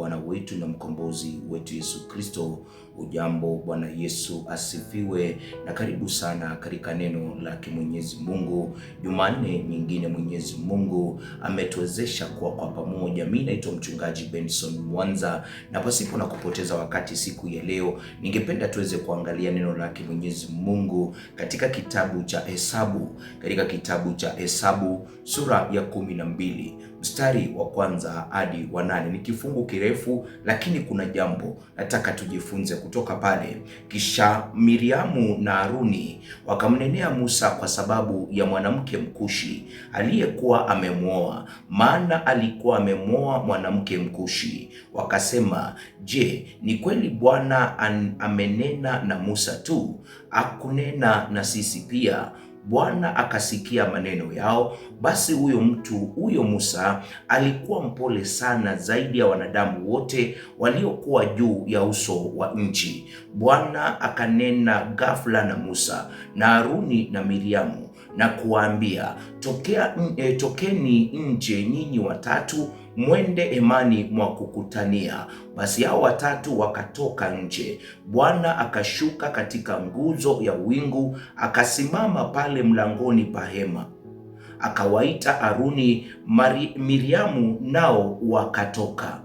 Bwana wetu na mkombozi wetu Yesu Kristo. Ujambo, Bwana Yesu asifiwe, na karibu sana katika neno lake Mwenyezi Mungu. Jumanne nyingine Mwenyezi Mungu ametuwezesha kuwa kwa pamoja. Mimi naitwa mchungaji Benson Mwanza, na pasipo na kupoteza wakati, siku ya leo ningependa tuweze kuangalia neno lake Mwenyezi Mungu katika kitabu cha Hesabu, katika kitabu cha Hesabu sura ya kumi na mbili mstari wa kwanza hadi wa nane. Ni kifungu kirefu, lakini kuna jambo nataka tujifunze kutoka pale. Kisha Miriamu na Haruni wakamnenea Musa kwa sababu ya mwanamke Mkushi aliyekuwa amemwoa, maana alikuwa amemwoa mwanamke Mkushi. Wakasema, je, ni kweli Bwana amenena na Musa tu? Akunena na sisi pia? Bwana akasikia maneno yao. Basi huyo mtu huyo Musa alikuwa mpole sana zaidi ya wanadamu wote waliokuwa juu ya uso wa nchi. Bwana akanena ghafla na Musa na Haruni na Miriamu na kuwaambia, tokea, e, tokeni nje nyinyi watatu mwende emani mwa kukutania. Basi hao watatu wakatoka nje, Bwana akashuka katika nguzo ya wingu, akasimama pale mlangoni pa hema akawaita Aruni, Miriamu nao wakatoka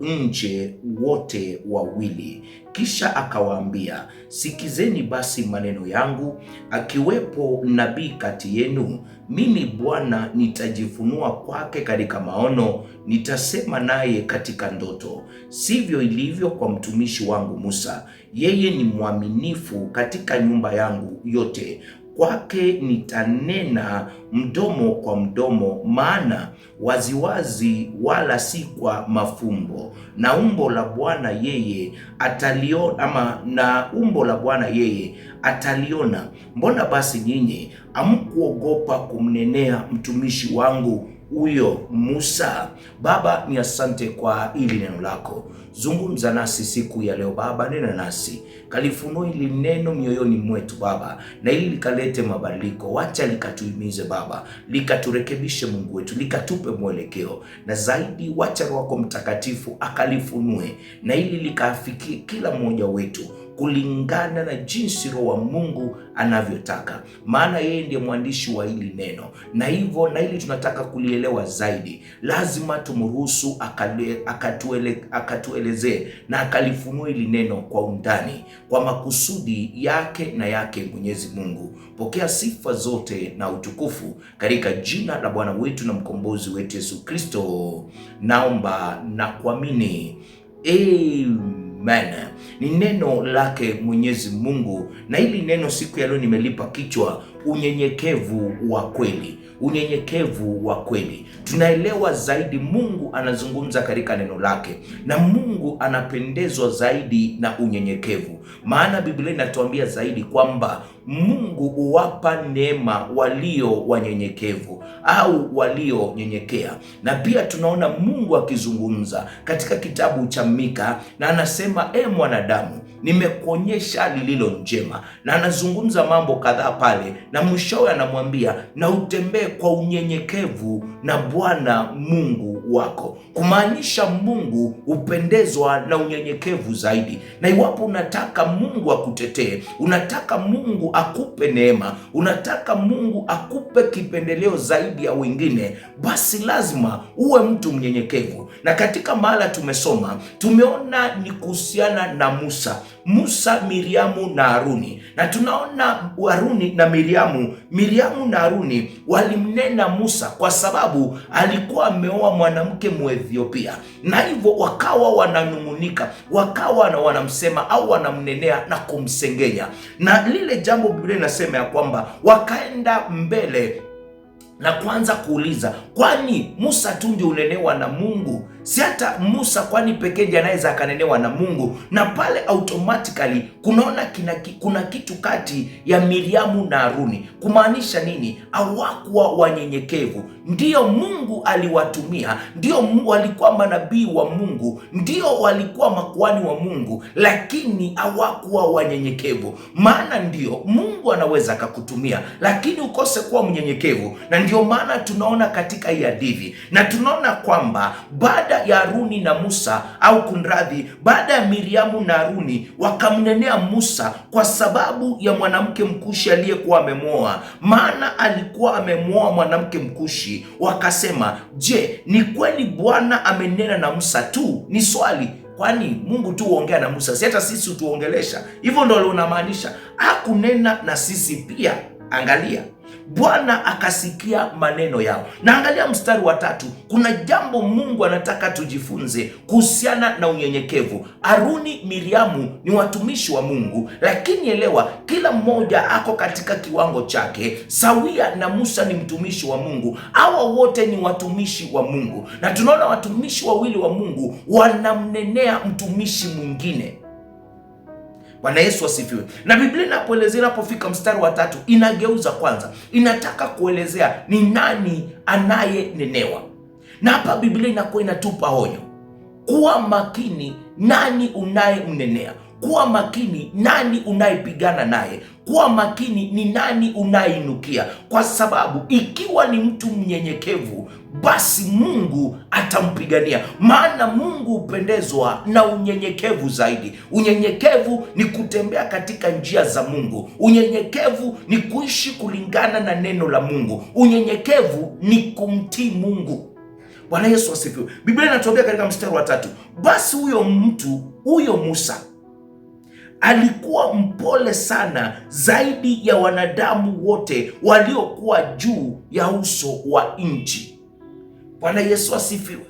nje wote wawili. Kisha akawaambia, sikizeni basi maneno yangu. Akiwepo nabii kati yenu, mimi Bwana nitajifunua kwake katika maono, nitasema naye katika ndoto. Sivyo ilivyo kwa mtumishi wangu Musa, yeye ni mwaminifu katika nyumba yangu yote kwake nitanena mdomo kwa mdomo, maana waziwazi, wala si kwa mafumbo. Na umbo la Bwana yeye ataliona, ama na umbo la Bwana yeye ataliona. Mbona basi nyinyi hamkuogopa kumnenea mtumishi wangu huyo Musa. Baba, ni asante kwa ili neno lako. Zungumza nasi siku ya leo Baba, nena nasi, kalifunua ili neno mioyoni mwetu Baba, na ili likalete mabadiliko. Wacha likatuimize Baba, likaturekebishe Mungu wetu, likatupe mwelekeo, na zaidi wacha Roho wako Mtakatifu akalifunue, na ili likaafikie kila mmoja wetu kulingana na jinsi Roho wa Mungu anavyotaka, maana yeye ndiye mwandishi wa hili neno, na hivyo na hili tunataka kulielewa zaidi, lazima tumruhusu akatuelezee na akalifunua hili neno kwa undani, kwa makusudi yake na yake Mwenyezi Mungu. Pokea sifa zote na utukufu katika jina la Bwana wetu na mkombozi wetu Yesu Kristo, naomba na kuamini. Amen. Amen. Ni neno lake Mwenyezi Mungu, na hili neno siku ya leo nimelipa kichwa unyenyekevu wa kweli unyenyekevu wa kweli. Tunaelewa zaidi Mungu anazungumza katika neno lake, na Mungu anapendezwa zaidi na unyenyekevu, maana Biblia inatuambia zaidi kwamba Mungu huwapa neema walio wanyenyekevu au walionyenyekea. Na pia tunaona Mungu akizungumza katika kitabu cha Mika na anasema, e mwanadamu nimekuonyesha lililo njema. Na anazungumza mambo kadhaa pale, na mwishowe anamwambia na utembee kwa unyenyekevu na Bwana Mungu wako, kumaanisha Mungu hupendezwa na unyenyekevu zaidi. Na iwapo unataka Mungu akutetee, unataka Mungu akupe neema, unataka Mungu akupe kipendeleo zaidi ya wengine, basi lazima uwe mtu mnyenyekevu. Na katika mahala tumesoma, tumeona ni kuhusiana na Musa, Musa, Miriamu na Haruni, na tunaona Haruni na Miriamu, Miriamu na Haruni walimnena Musa kwa sababu alikuwa ameoa mwana mwanamke Mwethiopia, na hivyo wakawa wananung'unika, wakawa na wanamsema au wanamnenea na kumsengenya, na lile jambo Biblia inasema ya kwamba wakaenda mbele na kwanza kuuliza, kwani Musa tu ndio unenewa na Mungu? Si hata Musa kwani pekee ndiye anaweza akanenewa na Mungu? Na pale automatically kunaona kina, kuna kitu kati ya Miriamu na Haruni. Kumaanisha nini? Hawakuwa wanyenyekevu. ndio Mungu aliwatumia, ndio walikuwa manabii wa Mungu, ndio walikuwa makuani wa Mungu, lakini hawakuwa wanyenyekevu. Maana ndio Mungu anaweza akakutumia, lakini ukose kuwa mnyenyekevu na ndio maana tunaona katika hii hadithi na tunaona kwamba baada ya Haruni na Musa au kunradhi, baada ya Miriamu na Haruni wakamnenea Musa kwa sababu ya mwanamke mkushi aliyekuwa amemwoa, maana alikuwa amemwoa mwanamke mkushi. Wakasema, je, ni kweli Bwana amenena na Musa tu? Ni swali Kwani Mungu tu huongea na Musa, si hata sisi tuongelesha? Hivyo ndo unamaanisha hakunena na sisi pia? Angalia. Bwana akasikia maneno yao. Na angalia mstari wa tatu, kuna jambo Mungu anataka tujifunze kuhusiana na unyenyekevu. Haruni, Miriamu ni watumishi wa Mungu, lakini elewa, kila mmoja ako katika kiwango chake, sawia na Musa ni mtumishi wa Mungu. Hawa wote ni watumishi wa Mungu, na tunaona watumishi wawili wa Mungu wanamnenea mtumishi mwingine. Bwana Yesu asifiwe. Na Biblia inapoelezea inapofika mstari wa tatu inageuza kwanza, inataka kuelezea ni nani anayenenewa, na hapa Biblia inakuwa inatupa honyo kuwa makini nani unayemnenea kuwa makini nani unayepigana naye, kuwa makini ni nani unayeinukia, kwa sababu ikiwa ni mtu mnyenyekevu, basi Mungu atampigania. Maana Mungu hupendezwa na unyenyekevu zaidi. Unyenyekevu ni kutembea katika njia za Mungu. Unyenyekevu ni kuishi kulingana na neno la Mungu. Unyenyekevu ni kumtii Mungu. Bwana Yesu asifiwe. Biblia inatuambia katika mstari wa tatu, basi huyo mtu huyo Musa alikuwa mpole sana zaidi ya wanadamu wote waliokuwa juu ya uso wa nchi. Bwana Yesu asifiwe.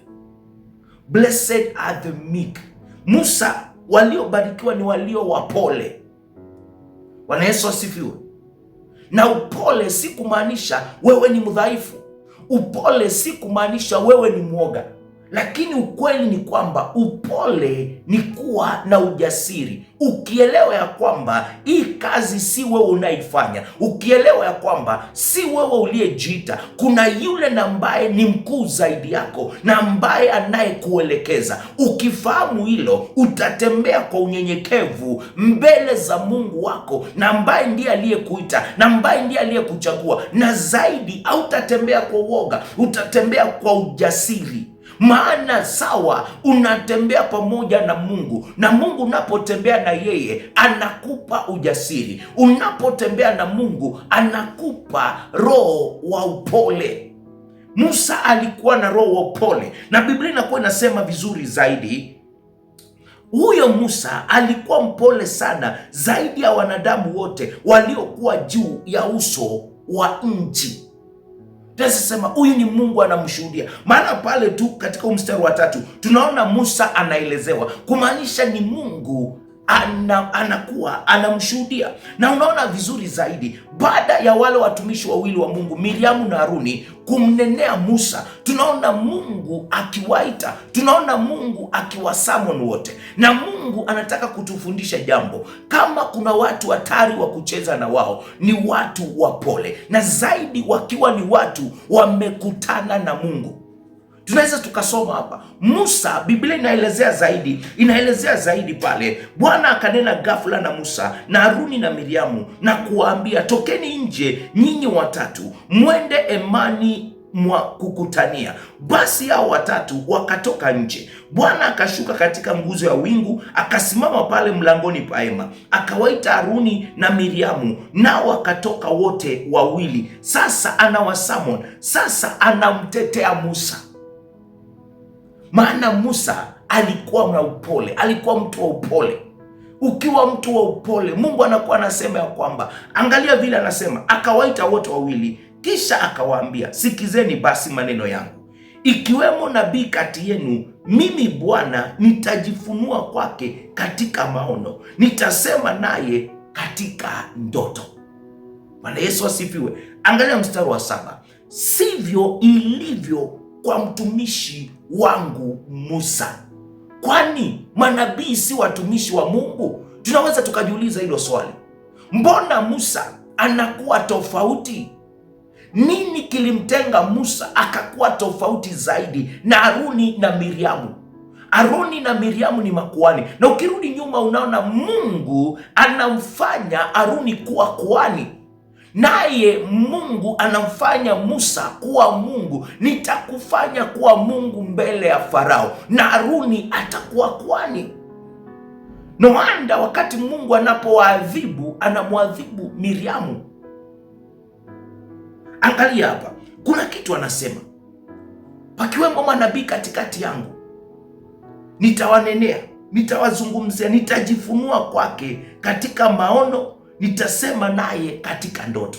Blessed are the meek. Musa, waliobarikiwa ni walio wapole. Bwana Yesu asifiwe. Na upole si kumaanisha wewe ni mdhaifu. Upole si kumaanisha wewe ni mwoga. Lakini ukweli ni kwamba upole ni kuwa na ujasiri, ukielewa ya kwamba hii kazi si wewe unaifanya, ukielewa ya kwamba si wewe uliyejiita, kuna yule na ambaye ni mkuu zaidi yako na ambaye anayekuelekeza. Ukifahamu hilo, utatembea kwa unyenyekevu mbele za Mungu wako na ambaye ndiye aliyekuita na ambaye ndiye aliyekuchagua, na zaidi, hautatembea kwa uoga, utatembea kwa ujasiri maana sawa, unatembea pamoja na Mungu na Mungu, unapotembea na yeye anakupa ujasiri, unapotembea na Mungu anakupa roho wa upole. Musa alikuwa na roho wa upole, na Biblia inakuwa inasema vizuri zaidi huyo Musa alikuwa mpole sana zaidi ya wanadamu wote waliokuwa juu ya uso wa nchi sema huyu ni Mungu anamshuhudia, maana pale tu katika mstari wa tatu tunaona Musa anaelezewa kumaanisha ni Mungu ana, anakuwa anamshuhudia, na unaona vizuri zaidi baada ya wale watumishi wawili wa Mungu Miriamu na Haruni kumnenea Musa, tunaona Mungu akiwaita, tunaona Mungu akiwasamon wote, na Mungu anataka kutufundisha jambo. Kama kuna watu hatari wa kucheza na wao ni watu wapole, na zaidi wakiwa ni watu wamekutana na Mungu tunaweza tukasoma hapa Musa, Biblia inaelezea zaidi, inaelezea zaidi pale. Bwana akanena ghafla na Musa na Haruni na Miriamu na kuwaambia, tokeni nje nyinyi watatu, mwende emani mwa kukutania. Basi hao watatu wakatoka nje. Bwana akashuka katika nguzo ya wingu akasimama pale mlangoni pa hema, akawaita Haruni na Miriamu, nao wakatoka wote wawili. Sasa anawasamon, sasa anamtetea Musa maana Musa alikuwa na upole, alikuwa mtu wa upole. Ukiwa mtu wa upole, Mungu anakuwa anasema ya kwamba, angalia vile anasema, akawaita wote wawili, kisha akawaambia, sikizeni basi maneno yangu, ikiwemo nabii kati yenu mimi Bwana nitajifunua kwake katika maono, nitasema naye katika ndoto. Bwana Yesu asifiwe. Angalia mstari wa saba, sivyo ilivyo kwa mtumishi wangu Musa. Kwani manabii si watumishi wa Mungu? Tunaweza tukajiuliza hilo swali. Mbona Musa anakuwa tofauti? Nini kilimtenga Musa akakuwa tofauti zaidi na Haruni na Miriamu? Haruni na Miriamu ni makuani na ukirudi nyuma unaona Mungu anamfanya Haruni kuwa kuani naye Mungu anamfanya Musa kuwa Mungu. Nitakufanya kuwa Mungu mbele ya Farao na Aruni atakuwa kwani. noanda wakati Mungu anapowaadhibu anamwadhibu Miriamu. Angalia hapa, kuna kitu anasema, pakiwemo manabii katikati yangu, nitawanenea, nitawazungumzia, nitajifunua kwake katika maono nitasema naye katika ndoto.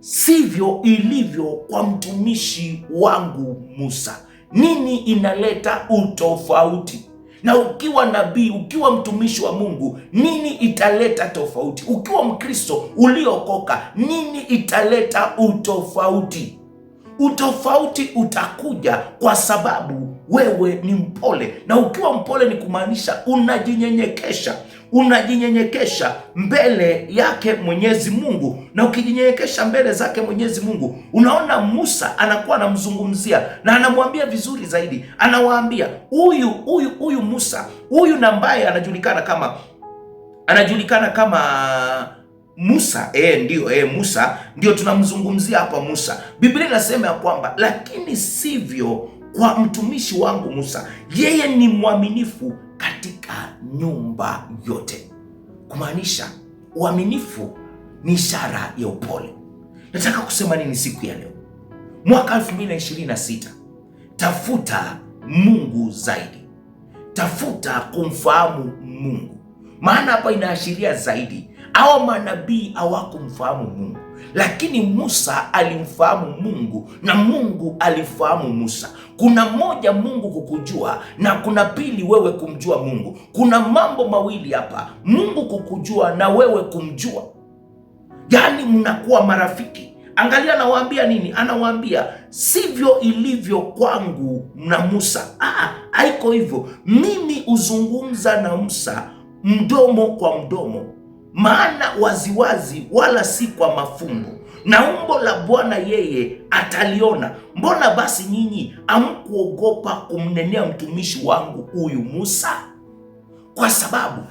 Sivyo ilivyo kwa mtumishi wangu Musa. Nini inaleta utofauti? Na ukiwa nabii, ukiwa mtumishi wa Mungu, nini italeta tofauti? Ukiwa Mkristo uliokoka, nini italeta utofauti? Utofauti utakuja kwa sababu wewe ni mpole, na ukiwa mpole ni kumaanisha unajinyenyekesha unajinyenyekesha mbele yake Mwenyezi Mungu, na ukijinyenyekesha mbele zake Mwenyezi Mungu, unaona Musa anakuwa anamzungumzia na anamwambia vizuri zaidi, anawaambia huyu huyu huyu Musa huyu na ambaye anajulikana kama anajulikana kama Musa e, ndio e, Musa ndio tunamzungumzia hapa Musa. Biblia inasema ya kwamba lakini sivyo kwa mtumishi wangu Musa, yeye ni mwaminifu katika nyumba yote, kumaanisha uaminifu ni ishara ya upole. Nataka kusema nini siku ya leo? Mwaka 2026 tafuta Mungu zaidi, tafuta kumfahamu Mungu, maana hapa inaashiria zaidi Hawa manabii hawakumfahamu Mungu, lakini Musa alimfahamu Mungu na Mungu alifahamu Musa. Kuna moja Mungu kukujua na kuna pili wewe kumjua Mungu. Kuna mambo mawili hapa, Mungu kukujua na wewe kumjua, yaani mnakuwa marafiki. Angalia, anawaambia nini? Anawaambia sivyo ilivyo kwangu na Musa. Ah, haiko hivyo. Mimi huzungumza na Musa mdomo kwa mdomo maana waziwazi, wala si kwa mafumbo, na umbo la Bwana yeye ataliona. Mbona basi nyinyi hamkuogopa kumnenea mtumishi wangu huyu Musa? Kwa sababu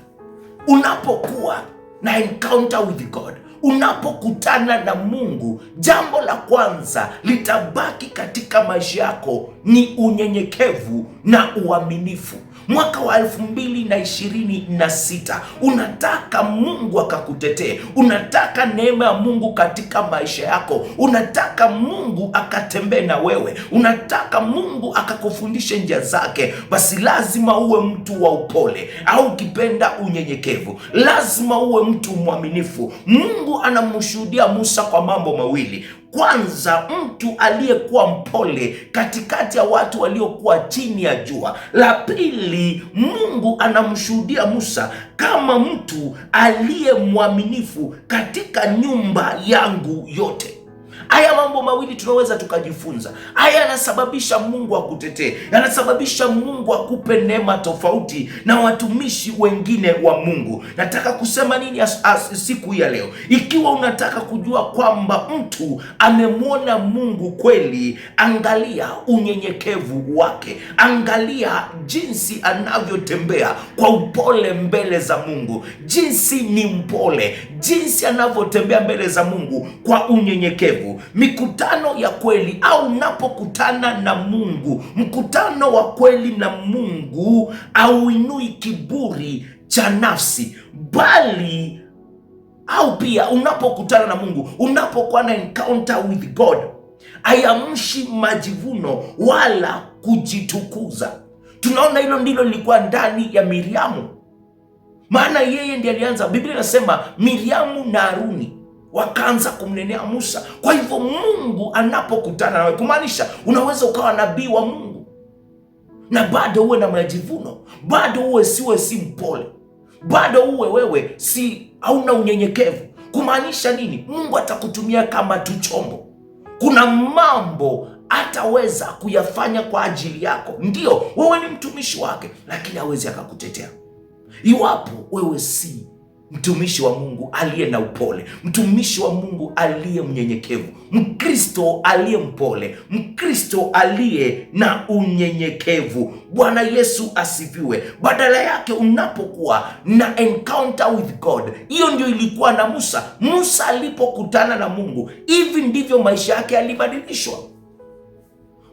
unapokuwa na encounter with God, unapokutana na Mungu, jambo la kwanza litabaki katika maisha yako ni unyenyekevu na uaminifu mwaka wa elfu mbili na ishirini na sita. Unataka Mungu akakutetee, unataka neema ya Mungu katika maisha yako, unataka Mungu akatembee na wewe, unataka Mungu akakufundishe njia zake, basi lazima uwe mtu wa upole au ukipenda unyenyekevu. Lazima uwe mtu mwaminifu. Mungu anamshuhudia Musa kwa mambo mawili kwanza mtu aliyekuwa mpole katikati ya watu waliokuwa chini ya jua. La pili, Mungu anamshuhudia Musa kama mtu aliye mwaminifu katika nyumba yangu yote. Haya mambo mawili tunaweza tukajifunza. Haya yanasababisha Mungu akutetee, yanasababisha Mungu akupe neema tofauti na watumishi wengine wa Mungu. Nataka kusema nini as, as, siku hii ya leo? Ikiwa unataka kujua kwamba mtu amemwona Mungu kweli, angalia unyenyekevu wake, angalia jinsi anavyotembea kwa upole mbele za Mungu, jinsi ni mpole, jinsi anavyotembea mbele za Mungu kwa unyenyekevu mikutano ya kweli au unapokutana na Mungu, mkutano wa kweli na Mungu auinui kiburi cha nafsi bali au pia unapokutana na Mungu, unapokuwa na encounter with God, hayamshi majivuno wala kujitukuza. Tunaona hilo ndilo lilikuwa ndani ya Miriamu, maana yeye ndiye alianza. Biblia inasema Miriamu na Haruni wakaanza kumnenea Musa. Kwa hivyo Mungu anapokutana nawe, kumaanisha unaweza ukawa nabii wa Mungu na bado uwe na majivuno, bado uwe siwe si mpole, bado uwe wewe si hauna unyenyekevu. Kumaanisha nini? Mungu atakutumia kama tu chombo. Kuna mambo ataweza kuyafanya kwa ajili yako, ndio wewe ni mtumishi wake, lakini hawezi akakutetea iwapo wewe si mtumishi wa Mungu aliye na upole, mtumishi wa Mungu aliye mnyenyekevu, Mkristo aliye mpole, Mkristo aliye na unyenyekevu. Bwana Yesu asifiwe. Badala yake unapokuwa na encounter with God, hiyo ndio ilikuwa na Musa. Musa alipokutana na Mungu, hivi ndivyo maisha yake yalibadilishwa.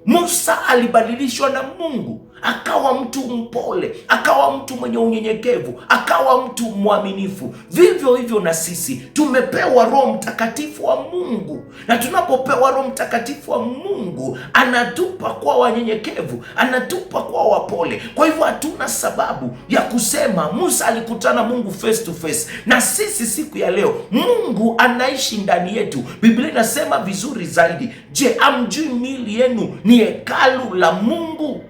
Musa alibadilishwa na Mungu akawa mtu mpole, akawa mtu mwenye unyenyekevu, akawa mtu mwaminifu. Vivyo hivyo na sisi tumepewa Roho Mtakatifu wa Mungu, na tunapopewa Roho Mtakatifu wa Mungu anatupa kwa wanyenyekevu, anatupa kwa wapole. Kwa hivyo hatuna sababu ya kusema Musa alikutana Mungu face to face, na sisi siku ya leo Mungu anaishi ndani yetu. Biblia inasema vizuri zaidi, je, amjui miili yenu ni hekalu la Mungu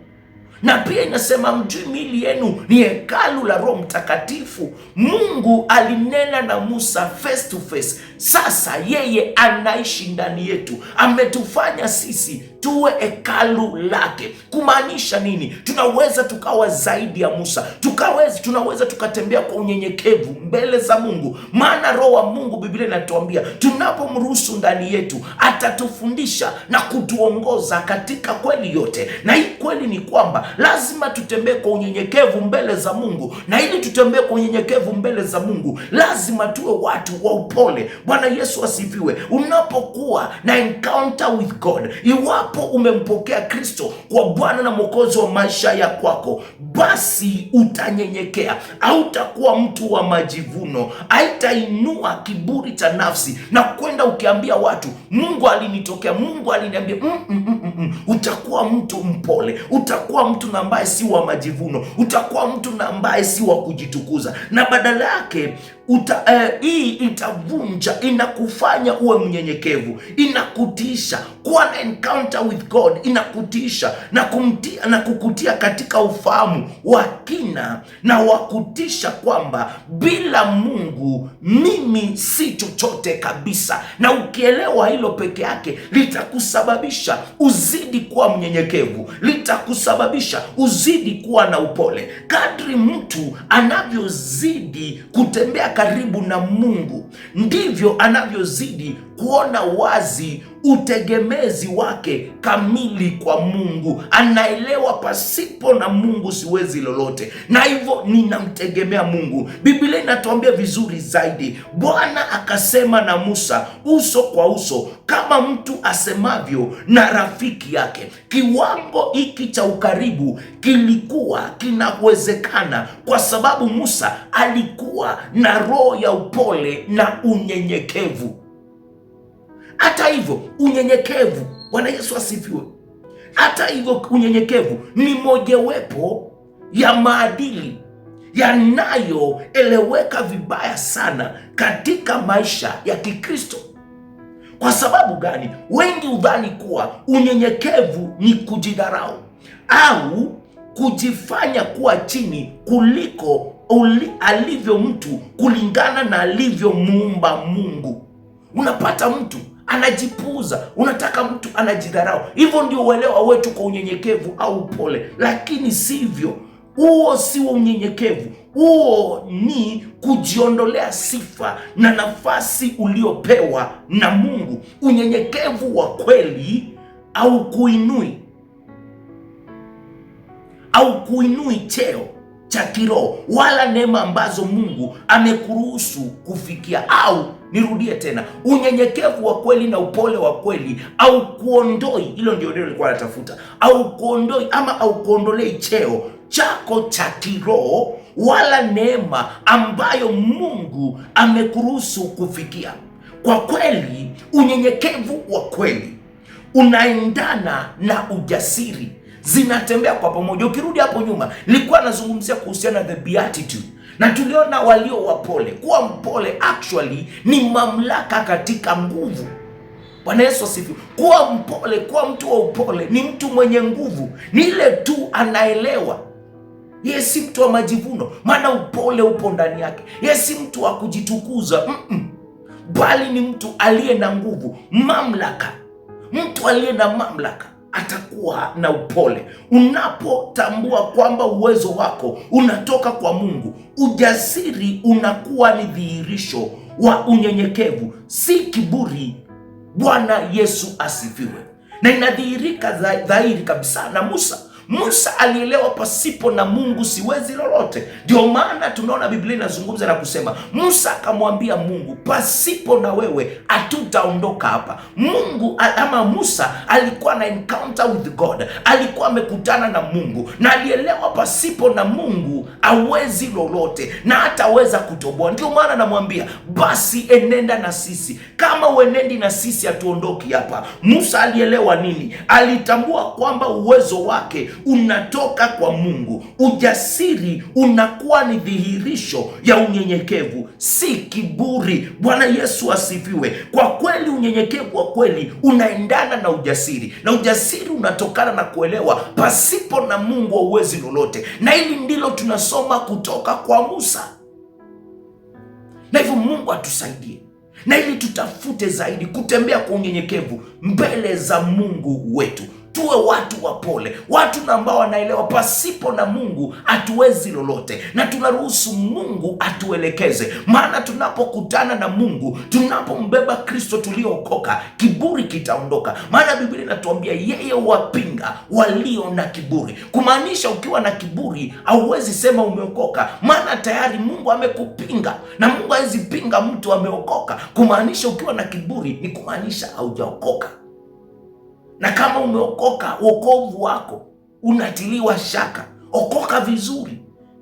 na pia inasema mjui mili yenu ni hekalu la Roho Mtakatifu. Mungu alinena na Musa face to face. Sasa yeye anaishi ndani yetu, ametufanya sisi tuwe hekalu lake. Kumaanisha nini? Tunaweza tukawa zaidi ya Musa, tukawezi, tunaweza tukatembea kwa unyenyekevu mbele za Mungu, maana roho wa Mungu Biblia inatuambia tunapomruhusu ndani yetu atatufundisha na kutuongoza katika kweli yote, na hii kweli ni kwamba lazima tutembee kwa unyenyekevu mbele za Mungu, na ili tutembee kwa unyenyekevu mbele za Mungu lazima tuwe watu wa upole. Bwana Yesu asifiwe. Unapokuwa na encounter with God iwapo Iwapo umempokea Kristo kwa Bwana na Mwokozi wa maisha ya kwako, basi utanyenyekea, hautakuwa mtu wa majivuno, haitainua kiburi cha nafsi na kwenda ukiambia watu Mungu alinitokea, Mungu aliniambia mm -mm -mm -mm. mm. Utakuwa mtu mpole, utakuwa mtu na ambaye si wa majivuno, utakuwa mtu na ambaye si wa kujitukuza, na badala yake uta, eh, hii itavunja, inakufanya uwe mnyenyekevu, inakutisha kuwa na encounter with God, inakutisha na kumtia, na kukutia katika ufahamu wa kina na wa kutisha kwamba bila Mungu mimi si chochote kabisa, na ukielewa hilo peke yake litakusababisha uzidi kuwa mnyenyekevu, litakusababisha uzidi kuwa na upole. Kadri mtu anavyozidi kutembea karibu na Mungu ndivyo anavyozidi kuona wazi utegemezi wake kamili kwa Mungu. Anaelewa pasipo na Mungu siwezi lolote, na hivyo ninamtegemea Mungu. Biblia inatuambia vizuri zaidi, Bwana akasema na Musa uso kwa uso, kama mtu asemavyo na rafiki yake. Kiwango hiki cha ukaribu kilikuwa kinawezekana kwa sababu Musa alikuwa na roho ya upole na unyenyekevu. Hata hivyo unyenyekevu, Bwana Yesu asifiwe. Hata hivyo unyenyekevu ni mojawapo ya maadili yanayoeleweka vibaya sana katika maisha ya Kikristo. Kwa sababu gani? Wengi hudhani kuwa unyenyekevu ni kujidharau au kujifanya kuwa chini kuliko uli, alivyo mtu kulingana na alivyo muumba Mungu. Unapata mtu anajipuza, unataka mtu anajidharau. Hivyo ndio uelewa wetu kwa unyenyekevu au pole, lakini sivyo. Huo sio unyenyekevu, huo ni kujiondolea sifa na nafasi uliopewa na Mungu. Unyenyekevu wa kweli au kuinui au kuinui cheo cha kiroho wala neema ambazo Mungu amekuruhusu kufikia au Nirudie tena, unyenyekevu wa kweli na upole wa kweli au kuondoi, hilo ndio neno nilikuwa natafuta, au kuondoi ama au kuondolei cheo chako cha kiroho wala neema ambayo Mungu amekuruhusu kufikia. Kwa kweli, unyenyekevu wa kweli unaendana na ujasiri, zinatembea kwa pamoja. Ukirudi hapo nyuma, nilikuwa nazungumzia kuhusiana na the beatitude na tuliona walio wapole. Kuwa mpole actually ni mamlaka katika nguvu. Bwana Yesu asifiwe. Kuwa mpole, kuwa mtu wa upole ni mtu mwenye nguvu, ni ile tu anaelewa yeye si mtu wa majivuno, maana upole upo ndani yake. Yeye si mtu wa kujitukuza mm -mm, bali ni mtu aliye na nguvu, mamlaka, mtu aliye na mamlaka atakuwa na upole. Unapotambua kwamba uwezo wako unatoka kwa Mungu, ujasiri unakuwa ni dhihirisho wa unyenyekevu, si kiburi. Bwana Yesu asifiwe, na inadhihirika dhahiri kabisa na Musa Musa alielewa pasipo na Mungu siwezi lolote. Ndio maana tunaona Biblia inazungumza na kusema, Musa akamwambia Mungu, pasipo na wewe hatutaondoka hapa. Mungu ama Musa alikuwa na encounter with God, alikuwa amekutana na Mungu na alielewa pasipo na Mungu hawezi lolote na hataweza kutoboa. Ndio maana namwambia basi, enenda na sisi, kama uenendi na sisi hatuondoki hapa. Musa alielewa nini? Alitambua kwamba uwezo wake unatoka kwa Mungu. Ujasiri unakuwa ni dhihirisho ya unyenyekevu, si kiburi. Bwana Yesu asifiwe. Kwa kweli, unyenyekevu wa kweli unaendana na ujasiri, na ujasiri unatokana na kuelewa pasipo na Mungu hauwezi lolote, na hili ndilo tunasoma kutoka kwa Musa. Na hivyo Mungu atusaidie na ili tutafute zaidi kutembea kwa unyenyekevu mbele za Mungu wetu tuwe watu wapole, watu na ambao wanaelewa pasipo na Mungu hatuwezi lolote, na tunaruhusu Mungu atuelekeze. Maana tunapokutana na Mungu, tunapombeba Kristo tuliookoka kiburi kitaondoka. Maana Biblia inatuambia yeye wapinga walio na kiburi, kumaanisha ukiwa na kiburi hauwezi sema umeokoka, maana tayari Mungu amekupinga, na Mungu hawezi pinga mtu ameokoka. Kumaanisha ukiwa na kiburi ni kumaanisha haujaokoka na kama umeokoka, wokovu wako unatiliwa shaka. Okoka vizuri,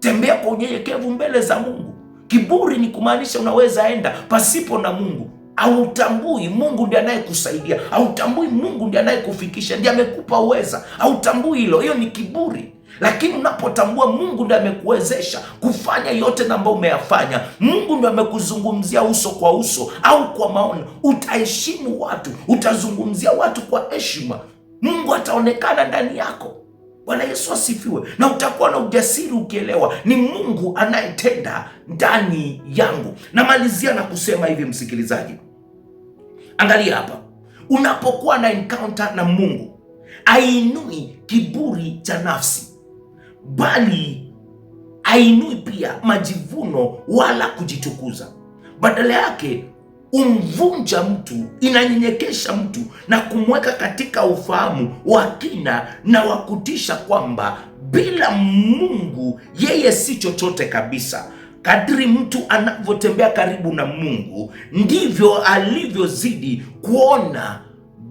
tembea kwa unyenyekevu mbele za Mungu. Kiburi ni kumaanisha unaweza enda pasipo na Mungu. Hautambui Mungu ndiye anayekusaidia, hautambui Mungu ndiye anayekufikisha, ndiye amekupa uweza, hautambui hilo. Hiyo ni kiburi. Lakini unapotambua Mungu ndo amekuwezesha kufanya yote na ambayo umeyafanya, Mungu ndo amekuzungumzia uso kwa uso au kwa maono, utaheshimu watu, utazungumzia watu kwa heshima, Mungu ataonekana ndani yako. Bwana Yesu asifiwe. Na utakuwa na ujasiri ukielewa ni Mungu anayetenda ndani yangu. Namalizia na kusema hivi, msikilizaji, angalia hapa, unapokuwa na enkaunta na Mungu ainui kiburi cha nafsi bali ainui pia majivuno wala kujitukuza. Badala yake umvunja mtu, inanyenyekesha mtu na kumweka katika ufahamu wa kina na wa kutisha kwamba bila Mungu yeye si chochote kabisa. Kadri mtu anavyotembea karibu na Mungu ndivyo alivyozidi kuona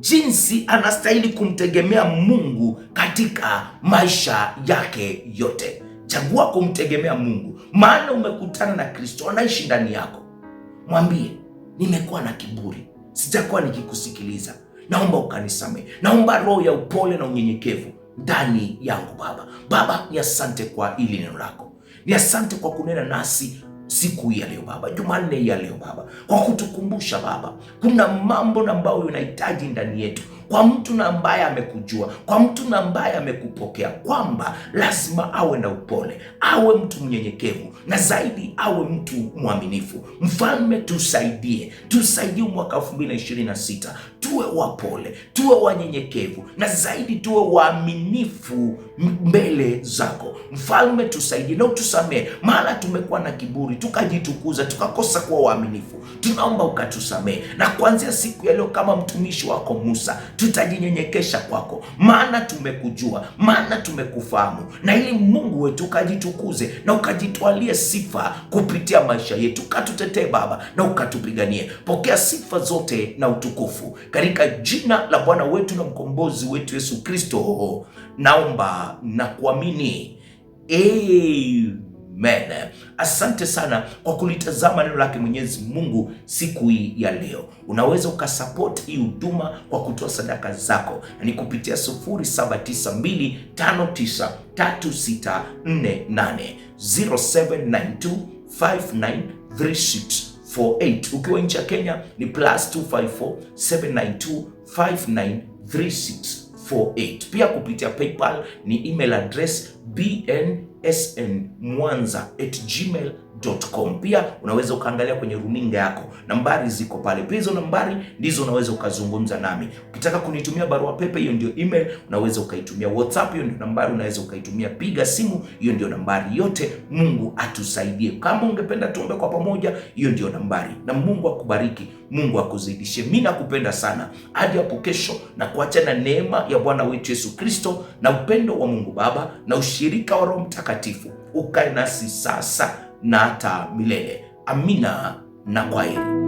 jinsi anastahili kumtegemea Mungu katika maisha yake yote. Chagua kumtegemea Mungu, maana umekutana na Kristo, anaishi ndani yako. Mwambie, nimekuwa na kiburi, sijakuwa nikikusikiliza, naomba ukanisamehe, naomba roho ya upole na unyenyekevu ndani yangu. Baba, Baba, ni asante kwa hili neno lako, ni asante kwa kunena nasi siku hii ya leo Baba, Jumanne hii ya leo Baba, kwa kutukumbusha Baba, kuna mambo ambayo unahitaji ndani yetu kwa mtu na ambaye amekujua, kwa mtu na ambaye amekupokea, kwamba lazima awe na upole, awe mtu mnyenyekevu, na zaidi awe mtu mwaminifu. Mfalme, tusaidie, tusaidie mwaka 2026 tuwe wapole, tuwe wanyenyekevu, na zaidi tuwe waaminifu mbele zako. Mfalme, tusaidie na utusamehe, maana tumekuwa na kiburi, tukajitukuza, tukakosa kuwa waaminifu. Tunaomba ukatusamehe, na kuanzia siku ya leo kama mtumishi wako Musa tutajinyenyekesha kwako, maana tumekujua, maana tumekufahamu, na ili Mungu wetu ukajitukuze na ukajitwalie sifa kupitia maisha yetu. katutetee Baba na ukatupiganie. Pokea sifa zote na utukufu katika jina la Bwana wetu na mkombozi wetu Yesu Kristo, naomba na kuamini, amen. Asante sana kwa kulitazama neno lake Mwenyezi Mungu siku hii ya leo. Unaweza ukasapoti hii huduma kwa kutoa sadaka zako na ni kupitia 0792593648 0792593648. Ukiwa nje ya Kenya ni plus 254 3648. Pia kupitia PayPal ni email address bn sn mwanza at gmail com. Pia unaweza ukaangalia kwenye runinga yako, nambari ziko pale pia, hizo nambari ndizo unaweza ukazungumza nami. Ukitaka kunitumia barua pepe, hiyo ndio email unaweza ukaitumia. WhatsApp, hiyo ndio nambari unaweza ukaitumia. Piga simu, hiyo ndio nambari yote. Mungu atusaidie. Kama ungependa tuombe kwa pamoja, hiyo ndio nambari. Na Mungu akubariki, Mungu akuzidishie. Mimi nakupenda sana, hadi hapo kesho, na kuacha na neema ya Bwana wetu Yesu Kristo na upendo wa Mungu Baba na ushirika wa Roho Mtakatifu ukae nasi sasa na hata milele. Amina na kwaheri.